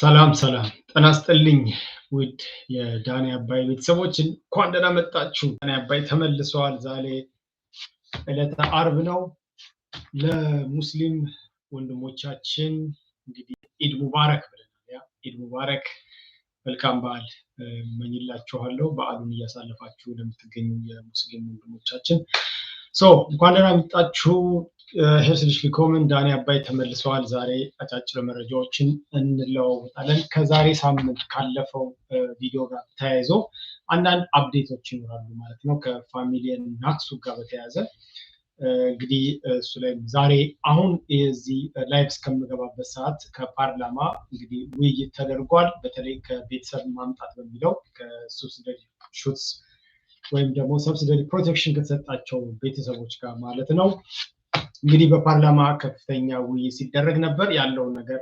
ሰላም ሰላም ጤና ይስጥልኝ ውድ የዳኒ አባይ ቤተሰቦች እንኳን ደህና መጣችሁ። ዳኒ አባይ ተመልሰዋል። ዛሬ ዕለተ አርብ ነው። ለሙስሊም ወንድሞቻችን እንግዲህ ኢድ ሙባረክ ብለናል። ኢድ ሙባረክ፣ መልካም በዓል እመኝላችኋለሁ። በዓሉን እያሳለፋችሁ ለምትገኙ የሙስሊም ወንድሞቻችን እንኳን ደህና መጣችሁ። ሄርስልሽ ሊኮምን ዳኒ አባይ ተመልሰዋል። ዛሬ አጫጭር መረጃዎችን እንለዋወጣለን። ከዛሬ ሳምንት ካለፈው ቪዲዮ ጋር ተያይዞ አንዳንድ አብዴቶች ይኖራሉ ማለት ነው። ከፋሚሊየን ናክሱ ጋር በተያያዘ እንግዲህ እሱ ላይ ዛሬ አሁን የዚህ ላይቭ እስከምገባበት ሰዓት ከፓርላማ እንግዲህ ውይይት ተደርጓል። በተለይ ከቤተሰብ ማምጣት በሚለው ከሱስደድ ሹትስ ወይም ደግሞ ሰብስደድ ፕሮቴክሽን ከተሰጣቸው ቤተሰቦች ጋር ማለት ነው እንግዲህ በፓርላማ ከፍተኛ ውይይት ሲደረግ ነበር። ያለውን ነገር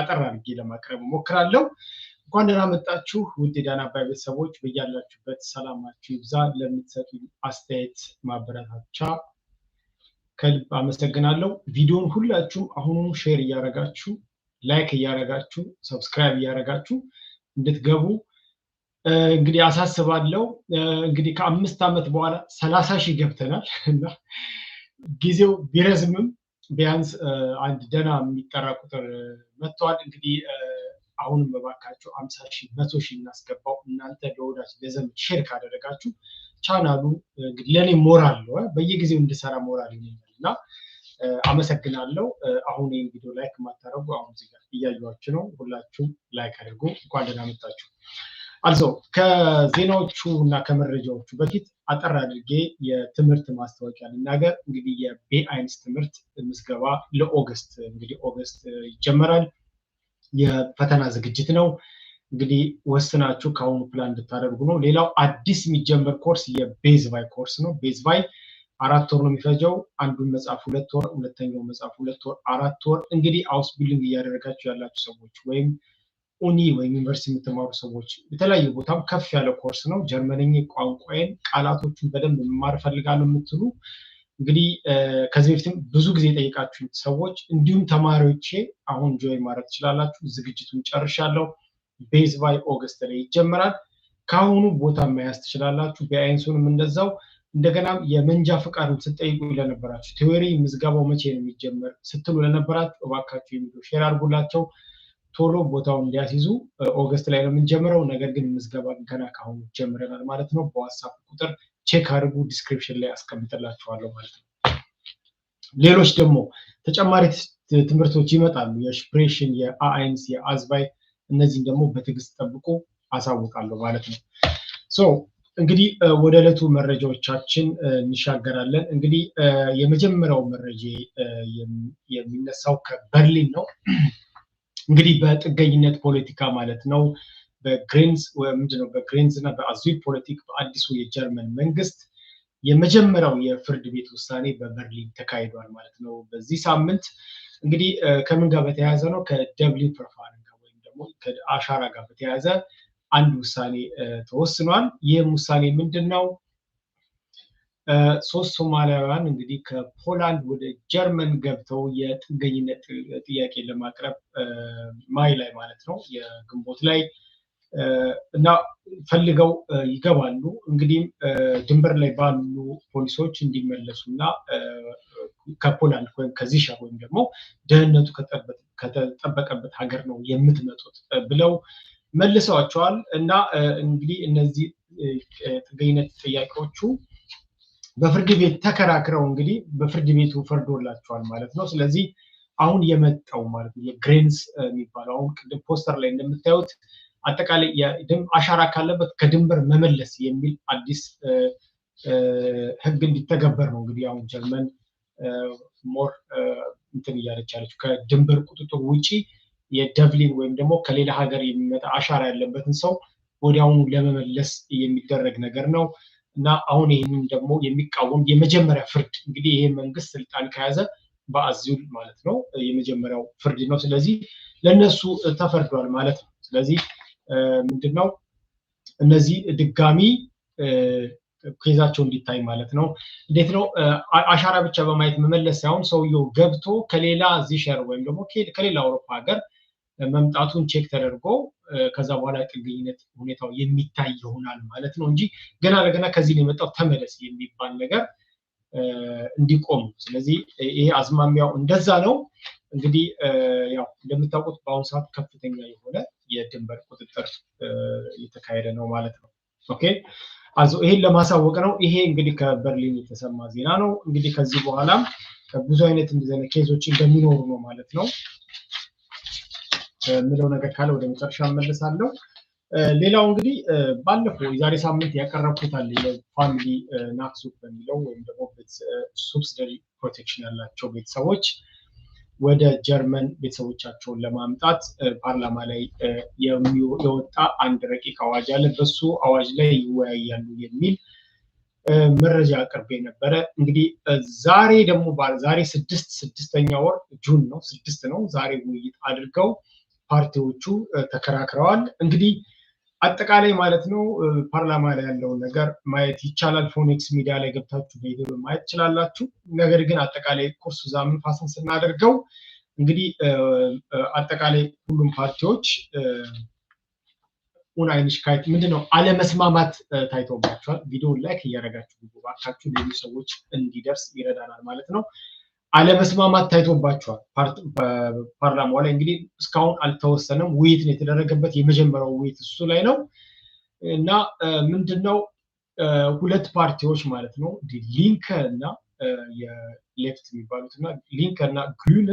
አጠር አድርጌ ለማቅረብ እሞክራለሁ። እንኳን ደህና መጣችሁ ውድ የዳና አባይ ቤተሰቦች፣ በያላችሁበት ሰላማችሁ ይብዛ። ለምትሰጡ አስተያየት ማበረታቻ ከልብ አመሰግናለሁ። ቪዲዮን ሁላችሁም አሁኑ ሼር እያደረጋችሁ ላይክ እያደረጋችሁ ሰብስክራይብ እያደረጋችሁ እንድትገቡ እንግዲህ አሳስባለሁ። እንግዲህ ከአምስት ዓመት በኋላ ሰላሳ ሺህ ገብተናል እና ጊዜው ቢረዝምም ቢያንስ አንድ ደህና የሚጠራ ቁጥር መጥተዋል። እንግዲህ አሁንም በባካቸው አምሳ ሺህ መቶ ሺህ እናስገባው። እናንተ ለወዳጅ ለዘመድ ሼር ካደረጋችሁ ቻናሉ ለእኔ ሞራል ነው፣ በየጊዜው እንድሰራ ሞራል ይሆናል እና አመሰግናለሁ። አሁን ይህን ቪዲዮ ላይክ የማታደርጉ አሁን እዚህ ጋር እያዩዋችሁ ነው። ሁላችሁም ላይክ አድርጉ። እንኳን ደህና መጣችሁ። አልሶ ከዜናዎቹ እና ከመረጃዎቹ በፊት አጠር አድርጌ የትምህርት ማስታወቂያ ልናገር። እንግዲህ የቤአይንስ ትምህርት ምዝገባ ለኦገስት እንግዲህ ኦገስት ይጀመራል። የፈተና ዝግጅት ነው። እንግዲህ ወስናችሁ ከአሁኑ ፕላን እንድታደርጉ ነው። ሌላው አዲስ የሚጀመር ኮርስ የቤዝቫይ ኮርስ ነው። ቤዝቫይ አራት ወር ነው የሚፈጀው። አንዱን መጽሐፍ ሁለት ወር፣ ሁለተኛው መጽሐፍ ሁለት ወር፣ አራት ወር እንግዲህ አውስ ቢልዲንግ እያደረጋችሁ ያላችሁ ሰዎች ወይም ኡኒ ወይም ዩኒቨርሲቲ የምትማሩ ሰዎች የተለያዩ ቦታም ከፍ ያለ ኮርስ ነው። ጀርመንኝ ቋንቋዬን፣ ቃላቶቹን በደንብ መማር እፈልጋለሁ የምትሉ እንግዲህ ከዚህ በፊትም ብዙ ጊዜ የጠየቃችሁ ሰዎች እንዲሁም ተማሪዎቼ አሁን ጆይ ማድረግ ትችላላችሁ። ዝግጅቱን ጨርሻለሁ። ቤዝ ባይ ኦገስት ላይ ይጀምራል። ከአሁኑ ቦታ መያዝ ትችላላችሁ። ቢአይንሱንም እንደዛው እንደገና የመንጃ ፈቃድ ስትጠይቁ ለነበራችሁ ቴዎሪ ምዝገባው መቼ ነው የሚጀመር ስትሉ ለነበራችሁ እባካችሁ የሚለው ሼር አድርጉላቸው። ቶሎ ቦታውን እንዲያስይዙ ኦገስት ላይ ነው የምንጀምረው። ነገር ግን ምዝገባ ገና ካሁኑ ጀምረናል ማለት ነው። በዋትሳፕ ቁጥር ቼክ አድርጉ፣ ዲስክሪፕሽን ላይ አስቀምጥላችኋለሁ ማለት ነው። ሌሎች ደግሞ ተጨማሪ ትምህርቶች ይመጣሉ። የሽፕሬሽን፣ የአአይንስ፣ የአዝባይ እነዚህን ደግሞ በትዕግስት ጠብቆ አሳውቃለሁ ማለት ነው። እንግዲህ ወደ ዕለቱ መረጃዎቻችን እንሻገራለን። እንግዲህ የመጀመሪያው መረጃ የሚነሳው ከበርሊን ነው። እንግዲህ በጥገኝነት ፖለቲካ ማለት ነው። በግሬንዝ ምንድነው በግሬንዝ እና በአዙር ፖለቲክ በአዲሱ የጀርመን መንግስት የመጀመሪያው የፍርድ ቤት ውሳኔ በበርሊን ተካሂዷል ማለት ነው። በዚህ ሳምንት እንግዲህ ከምን ጋር በተያያዘ ነው? ከደብሊው ፕሮፋይል ጋር ወይም ደግሞ ከአሻራ ጋር በተያያዘ አንድ ውሳኔ ተወስኗል። ይህም ውሳኔ ምንድን ነው? ሶስት ሶማሊያውያን እንግዲህ ከፖላንድ ወደ ጀርመን ገብተው የጥገኝነት ጥያቄ ለማቅረብ ማይ ላይ ማለት ነው የግንቦት ላይ እና ፈልገው ይገባሉ። እንግዲህም ድንበር ላይ ባሉ ፖሊሶች እንዲመለሱ እና ከፖላንድ ወይም ከዚሻ ወይም ደግሞ ደህንነቱ ከተጠበቀበት ሀገር ነው የምትመጡት ብለው መልሰዋቸዋል እና እንግዲህ እነዚህ ጥገኝነት ጥያቄዎቹ በፍርድ ቤት ተከራክረው እንግዲህ በፍርድ ቤቱ ፈርዶላቸዋል ማለት ነው። ስለዚህ አሁን የመጣው ማለት ነው የግሬንስ የሚባለው አሁን ቅድም ፖስተር ላይ እንደምታዩት አጠቃላይ አሻራ ካለበት ከድንበር መመለስ የሚል አዲስ ህግ እንዲተገበር ነው እንግዲህ አሁን ጀርመን ሞር እንትን እያለች ያለችው ከድንበር ቁጥጥር ውጪ የደብሊን ወይም ደግሞ ከሌላ ሀገር የሚመጣ አሻራ ያለበትን ሰው ወዲያውኑ ለመመለስ የሚደረግ ነገር ነው። እና አሁን ይህንን ደግሞ የሚቃወም የመጀመሪያ ፍርድ እንግዲህ ይሄ መንግስት ስልጣን ከያዘ በአዚል ማለት ነው የመጀመሪያው ፍርድ ነው። ስለዚህ ለእነሱ ተፈርዷል ማለት ነው። ስለዚህ ምንድነው እነዚህ ድጋሚ ኬዛቸው እንዲታይ ማለት ነው። እንዴት ነው አሻራ ብቻ በማየት መመለስ ሳይሆን ሰውየው ገብቶ ከሌላ ዚሸር ወይም ደግሞ ከሌላ አውሮፓ ሀገር መምጣቱን ቼክ ተደርጎ ከዛ በኋላ ጥገኝነት ሁኔታው የሚታይ ይሆናል ማለት ነው እንጂ ገና ለገና ከዚህ የመጣው ተመለስ የሚባል ነገር እንዲቆም ስለዚህ ይሄ አዝማሚያው እንደዛ ነው። እንግዲህ ያው እንደምታውቁት በአሁኑ ሰዓት ከፍተኛ የሆነ የድንበር ቁጥጥር እየተካሄደ ነው ማለት ነው። ኦኬ አዞ ይሄን ለማሳወቅ ነው። ይሄ እንግዲህ ከበርሊን የተሰማ ዜና ነው። እንግዲህ ከዚህ በኋላም ብዙ አይነት እንደዚህ ኬዞች እንደሚኖሩ ነው ማለት ነው። የምለው ነገር ካለ ወደ መጨረሻ እመልሳለሁ። ሌላው እንግዲህ ባለፈው የዛሬ ሳምንት ያቀረብኩታል ፋሚሊ ናክሱ በሚለው ወይም ደግሞ ሱብሲደሪ ፕሮቴክሽን ያላቸው ቤተሰቦች ወደ ጀርመን ቤተሰቦቻቸውን ለማምጣት ፓርላማ ላይ የወጣ አንድ ረቂቅ አዋጅ አለ። በሱ አዋጅ ላይ ይወያያሉ የሚል መረጃ አቅርቤ ነበረ። እንግዲህ ዛሬ ደግሞ ዛሬ ስድስት ስድስተኛ ወር ጁን ነው ስድስት ነው ዛሬ ውይይት አድርገው ፓርቲዎቹ ተከራክረዋል። እንግዲህ አጠቃላይ ማለት ነው ፓርላማ ላይ ያለውን ነገር ማየት ይቻላል። ፎኒክስ ሚዲያ ላይ ገብታችሁ በዩቲዩብ ማየት ትችላላችሁ። ነገር ግን አጠቃላይ ቁርሱ ዛምን ፋስን ስናደርገው እንግዲህ አጠቃላይ ሁሉም ፓርቲዎች ኡንአይንሽካይት ምንድን ነው አለመስማማት ታይቶባቸዋል። ቪዲዮ ላይክ እያደረጋችሁ ባካችሁ ሌሎች ሰዎች እንዲደርስ ይረዳናል ማለት ነው። አለመስማማት ታይቶባቸዋል። ፓርላማው ላይ እንግዲህ እስካሁን አልተወሰነም። ውይይት ነው የተደረገበት። የመጀመሪያው ውይይት እሱ ላይ ነው እና ምንድነው ሁለት ፓርቲዎች ማለት ነው ሊንከ እና የሌፍት የሚባሉት እና ሊንከ እና ግሉነ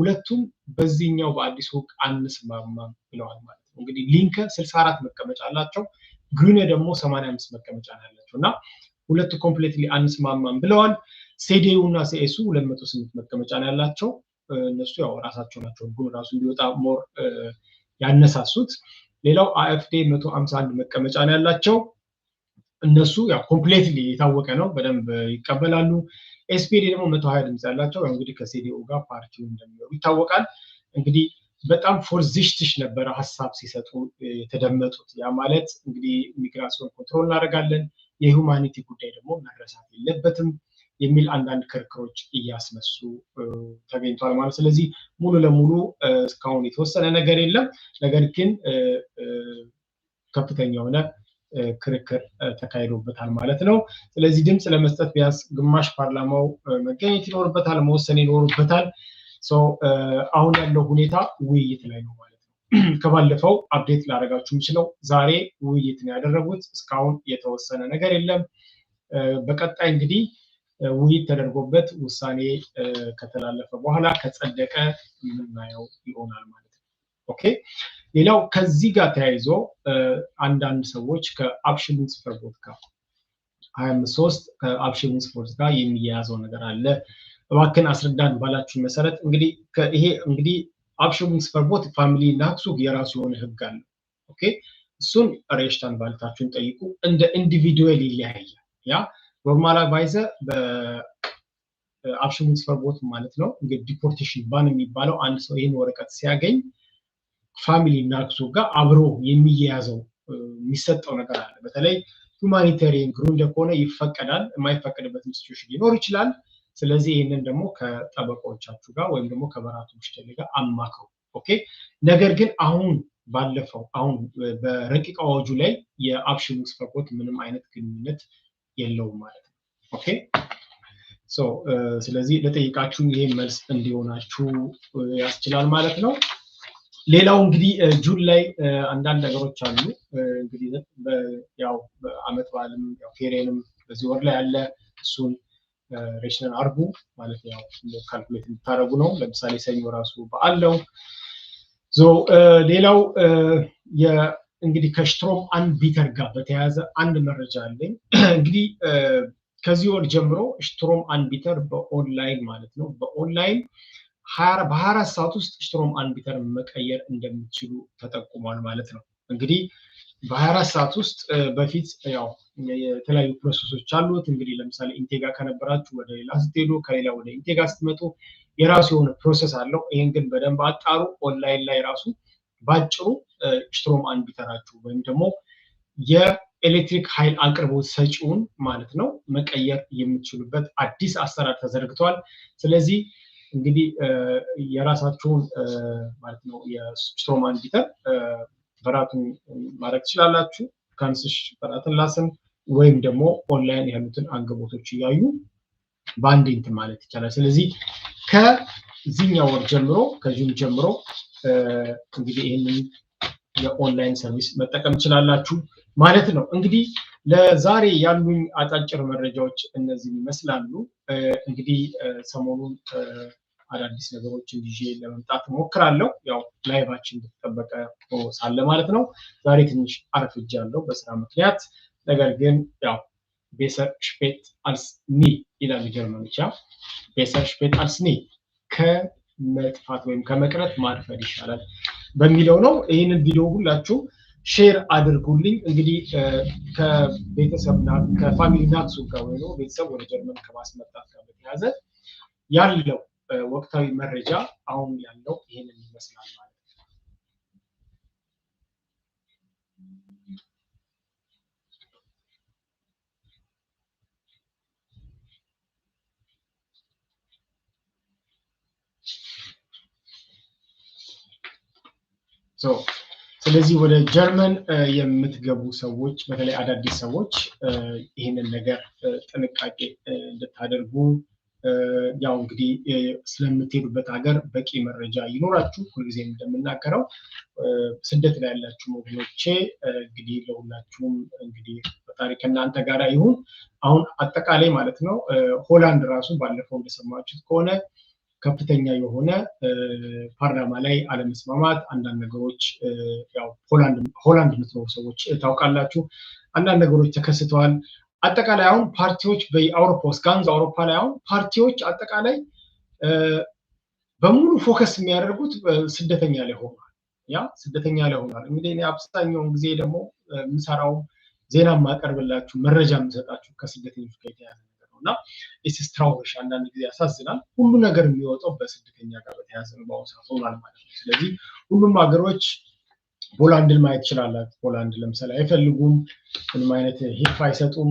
ሁለቱም በዚህኛው በአዲስ ሕግ አንስማማም ብለዋል ማለት ነው። እንግዲህ ሊንከ ስልሳ አራት መቀመጫ አላቸው፣ ግሉነ ደግሞ ሰማንያ አምስት መቀመጫ ነው ያላቸው እና ሁለቱ ኮምፕሌትሊ አንስማማም ብለዋል። ሴዴዩ እና ሲኤሱ ሁለት መቶ ስምንት መቀመጫ ነው ያላቸው። እነሱ ያው ራሳቸው ናቸው ህጉ ራሱ እንዲወጣ ሞር ያነሳሱት። ሌላው አኤፍዴ መቶ ሀምሳ አንድ መቀመጫ ነው ያላቸው። እነሱ ያው ኮምፕሌትሊ የታወቀ ነው፣ በደንብ ይቀበላሉ። ኤስፒዲ ደግሞ መቶ ሀያ ድምፅ ያላቸው እንግዲህ ከሴዲኦ ጋር ፓርቲው እንደሚኖሩ ይታወቃል። እንግዲህ በጣም ፎርዚሽትሽ ነበረ ሀሳብ ሲሰጡ የተደመጡት። ያ ማለት እንግዲህ ኢሚግራሲዮን ኮንትሮል እናደርጋለን፣ የሁማኒቲ ጉዳይ ደግሞ መረሳት የለበትም የሚል አንዳንድ ክርክሮች እያስነሱ ተገኝቷል ማለት። ስለዚህ ሙሉ ለሙሉ እስካሁን የተወሰነ ነገር የለም። ነገር ግን ከፍተኛ የሆነ ክርክር ተካሂዶበታል ማለት ነው። ስለዚህ ድምፅ ለመስጠት ቢያንስ ግማሽ ፓርላማው መገኘት ይኖርበታል፣ መወሰን ይኖርበታል። አሁን ያለው ሁኔታ ውይይት ላይ ነው ማለት ነው። ከባለፈው አብዴት ላደረጋችሁ የምችለው ዛሬ ውይይት ነው ያደረጉት። እስካሁን የተወሰነ ነገር የለም። በቀጣይ እንግዲህ ውይይት ተደርጎበት ውሳኔ ከተላለፈ በኋላ ከጸደቀ የምናየው ይሆናል ማለት ነው። ኦኬ። ሌላው ከዚህ ጋር ተያይዞ አንዳንድ ሰዎች ከአፕሽን ጽሕፈት ቦት ጋር ሀያ አምስት ሶስት ከአፕሽን ጽሕፈት ቦት ጋር የሚያያዘው ነገር አለ እባክን አስረዳን ባላችሁ መሰረት እንግዲህ ይሄ እንግዲህ አፕሽን ጽሕፈት ቦት ፋሚሊ ላክሱ የራሱ የሆነ ህግ አለ። ኦኬ። እሱን ሬሽታን ባልታችሁን ጠይቁ። እንደ ኢንዲቪዲዌል ይለያያል ያ ኖርማል አድቫይዘር በአብሽሙት ፈርቦት ማለት ነው ዲፖርቴሽን ባን የሚባለው አንድ ሰው ይህን ወረቀት ሲያገኝ ፋሚሊ እና ክሱ ጋር አብሮ የሚያያዘው የሚሰጠው ነገር አለ። በተለይ ሁማኒታሪያን ግሩንድ ከሆነ ይፈቀዳል። የማይፈቀድበት ኢንስቲትዩሽን ሊኖር ይችላል። ስለዚህ ይህንን ደግሞ ከጠበቃዎቻችሁ ጋር ወይም ደግሞ ከበራቶች ጋር አማክሩ። ኦኬ። ነገር ግን አሁን ባለፈው አሁን በረቂቅ አዋጁ ላይ የአብሽሙት ፈርቦት ምንም አይነት ግንኙነት የለውም ማለት ነው። ኦኬ ስለዚህ ለጠይቃችሁ ይሄ መልስ እንዲሆናችሁ ያስችላል ማለት ነው። ሌላው እንግዲህ ጁን ላይ አንዳንድ ነገሮች አሉ። እንግዲህ ያው በአመት በዓልም ፌሬንም በዚህ ወር ላይ አለ። እሱን ሬሽናል አርጉ ማለት ያው ካልኩሌት እንድታደረጉ ነው። ለምሳሌ ሰኞ ራሱ በዓል ነው። ሌላው እንግዲህ ከሽትሮም አንድ ቢተር ጋር በተያያዘ አንድ መረጃ አለኝ። እንግዲህ ከዚህ ወር ጀምሮ ሽትሮም አንድ ቢተር በኦንላይን ማለት ነው በኦንላይን በሀያ አራት ሰዓት ውስጥ ሽትሮም አንድ ቢተር መቀየር እንደሚችሉ ተጠቁሟል ማለት ነው። እንግዲህ በሀያ አራት ሰዓት ውስጥ በፊት ያው የተለያዩ ፕሮሰሶች አሉት። እንግዲህ ለምሳሌ ኢንቴጋ ከነበራችሁ ወደ ሌላ ስትሄዱ፣ ከሌላ ወደ ኢንቴጋ ስትመጡ የራሱ የሆነ ፕሮሰስ አለው። ይህን ግን በደንብ አጣሩ። ኦንላይን ላይ ራሱ በአጭሩ ሽትሮም ቢተራችሁ ወይም ደግሞ የኤሌክትሪክ ኃይል አቅርቦት ሰጪውን ማለት ነው መቀየር የምትችሉበት አዲስ አሰራር ተዘርግቷል። ስለዚህ እንግዲህ የራሳችሁን ማለት ነው የስትሮም አንቢተር በራቱን ማድረግ ትችላላችሁ። ከንስሽ በራትን ላስን ወይም ደግሞ ኦንላይን ያሉትን አንገቦቶች እያዩ በአንድ እንትን ማለት ይቻላል። ስለዚህ ከዚህኛው ወር ጀምሮ ከዚሁም ጀምሮ እንግዲህ ይህንን የኦንላይን ሰርቪስ መጠቀም ትችላላችሁ ማለት ነው። እንግዲህ ለዛሬ ያሉኝ አጫጭር መረጃዎች እነዚህ ይመስላሉ። እንግዲህ ሰሞኑን አዳዲስ ነገሮችን ይዤ ለመምጣት እሞክራለሁ። ያው ላይቫችን እንደተጠበቀ ሳለ ማለት ነው። ዛሬ ትንሽ አረፍጃለሁ በስራ ምክንያት። ነገር ግን ያው ቤሰር ሽፔት አልስኒ ይላል ጀርመን ያው ቤሰር ሽፔት አልስኒ ከ መጥፋት ወይም ከመቅረት ማርፈድ ይሻላል በሚለው ነው። ይህንን ቪዲዮ ሁላችሁ ሼር አድርጉልኝ። እንግዲህ ከቤተሰብና ከፋሚሊ ናክሱ ጋር ወይ ቤተሰብ ወደ ጀርመን ከማስመጣት ጋር በተያያዘ ያለው ወቅታዊ መረጃ አሁን ያለው ይህንን ይመስላል ማለት ነው። ስለዚህ ወደ ጀርመን የምትገቡ ሰዎች በተለይ አዳዲስ ሰዎች ይህንን ነገር ጥንቃቄ እንድታደርጉ ያው እንግዲህ ስለምትሄዱበት ሀገር በቂ መረጃ ይኖራችሁ ሁልጊዜም እንደምናገረው ስደት ላይ ያላችሁ ወገኖቼ እንግዲህ ለሁላችሁም እንግዲህ ፈጣሪ ከእናንተ ጋር ይሁን። አሁን አጠቃላይ ማለት ነው ሆላንድ ራሱ ባለፈው እንደሰማችሁት ከሆነ ከፍተኛ የሆነ ፓርላማ ላይ አለመስማማት፣ አንዳንድ ነገሮች ያው ሆላንድ የምትኖሩ ሰዎች ታውቃላችሁ፣ አንዳንድ ነገሮች ተከስተዋል። አጠቃላይ አሁን ፓርቲዎች በአውሮፓ ውስጥ ጋንዝ አውሮፓ ላይ አሁን ፓርቲዎች አጠቃላይ በሙሉ ፎከስ የሚያደርጉት ስደተኛ ላይ ሆኗል። ያ ስደተኛ ላይ ሆኗል። እንግዲህ አብዛኛውን ጊዜ ደግሞ የምሰራው ዜና የማቀርብላችሁ መረጃ የምሰጣችሁ ከስደተኞች ጋር የተያዘ እና የሲስትራውሽ አንዳንድ ጊዜ ያሳዝናል። ሁሉ ነገር የሚወጣው በስደተኛ ጋር በተያያዘ ነው በአሁኑ ሰዓት ሆኗል ማለት ነው። ስለዚህ ሁሉም ሀገሮች ፖላንድን ማየት ይችላላት። ፖላንድ ለምሳሌ አይፈልጉም፣ ምንም አይነት ሂልፍ አይሰጡም፣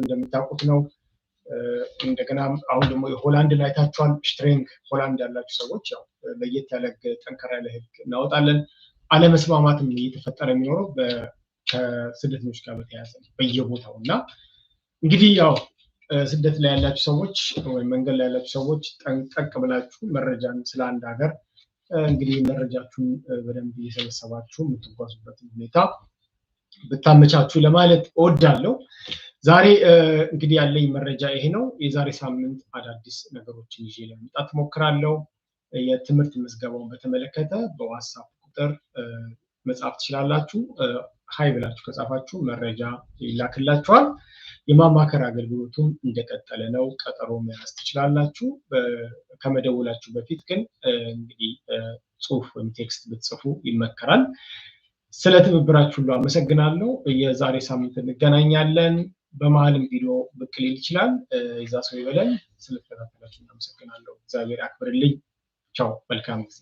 እንደምታውቁት ነው። እንደገና አሁን ደግሞ የሆላንድን አይታችኋል። ሽትሬንግ ሆላንድ ያላችሁ ሰዎች ያው ለየት ያለ ጠንከራ ያለ ህግ እናወጣለን። አለመስማማትም እየተፈጠረ የሚኖረው ከስደተኞች ጋር በተያያዘ ነው በየቦታው እና እንግዲህ ያው ስደት ላይ ያላችሁ ሰዎች ወይም መንገድ ላይ ያላችሁ ሰዎች ጠንቀቅ ብላችሁ መረጃን ስለ አንድ ሀገር እንግዲህ መረጃችሁን በደንብ እየሰበሰባችሁ የምትጓዙበትን ሁኔታ ብታመቻችሁ ለማለት እወዳለሁ። ዛሬ እንግዲህ ያለኝ መረጃ ይሄ ነው። የዛሬ ሳምንት አዳዲስ ነገሮችን ይዤ ለመምጣት እሞክራለሁ። የትምህርት ምዝገባውን በተመለከተ በዋትሳፕ ቁጥር መጻፍ ትችላላችሁ። ሀይ ብላችሁ ከጻፋችሁ መረጃ ይላክላችኋል። የማማከር አገልግሎቱም እንደቀጠለ ነው። ቀጠሮ መያዝ ትችላላችሁ። ከመደወላችሁ በፊት ግን እንግዲህ ጽሁፍ ወይም ቴክስት ብትጽፉ ይመከራል። ስለ ትብብራችሁ ሁሉ አመሰግናለሁ። የዛሬ ሳምንት እንገናኛለን። በመሀልም ቪዲዮ ብቅ ሊል ይችላል። የዛ ሰው ይበለን። ስለተከታተላችሁ እናመሰግናለሁ። እግዚአብሔር አክብርልኝ። ቻው። መልካም ጊዜ